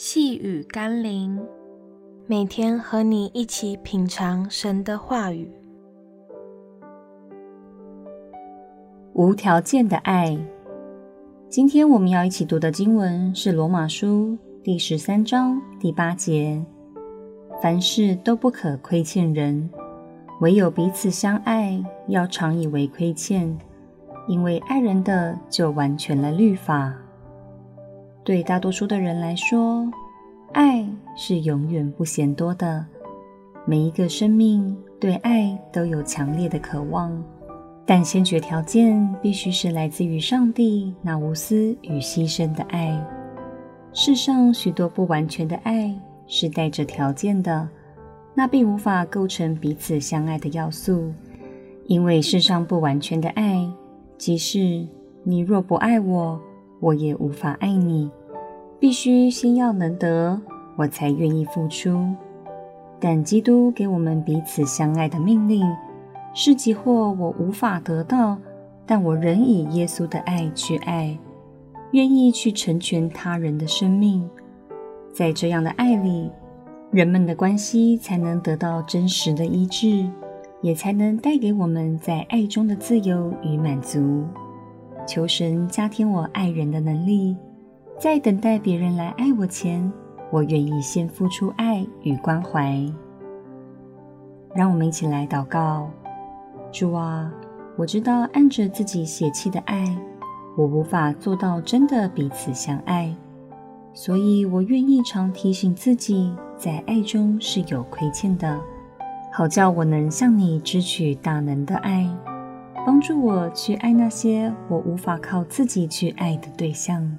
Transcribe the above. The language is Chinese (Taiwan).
細語甘霖，每天和你一起品嚐神的話語，無條件的愛。今天我們要一起讀的經文是《羅馬書》第十三章第八節：“凡事都不可虧欠人，唯有彼此相愛，要常以為虧欠，因為愛人的就完全了律法。”對大多數的人來說，愛是永遠不嫌多的。每一個生命對愛都有強烈的渴望，但先決條件必須是來自於上帝那無私與犧牲的愛。世上許多不完全的愛是帶着條件的，那並無法構成彼此相愛的要素。因為世上不完全的愛，即是你若不愛我，我也無法愛你。必須先要能得，我才願意付出。但基督給我們彼此相愛的命令，是即或我無法得到，但我仍以耶穌的愛去愛，願意去成全他人的生命。在這樣的愛裡，人們的關係才能得到真實的醫治，也才能帶給我們在愛中的自由與滿足。求神加添我愛人的能力。在等待別人來愛我前，我願意先付出愛與關懷。讓我們一起來禱告：主啊，我知道按着自己血氣的愛，我無法做到真的彼此相愛，所以我願意常提醒自己，在愛中是有虧欠的，好叫我能向你支取大能的愛，幫助我去愛那些我無法靠自己去愛的對象。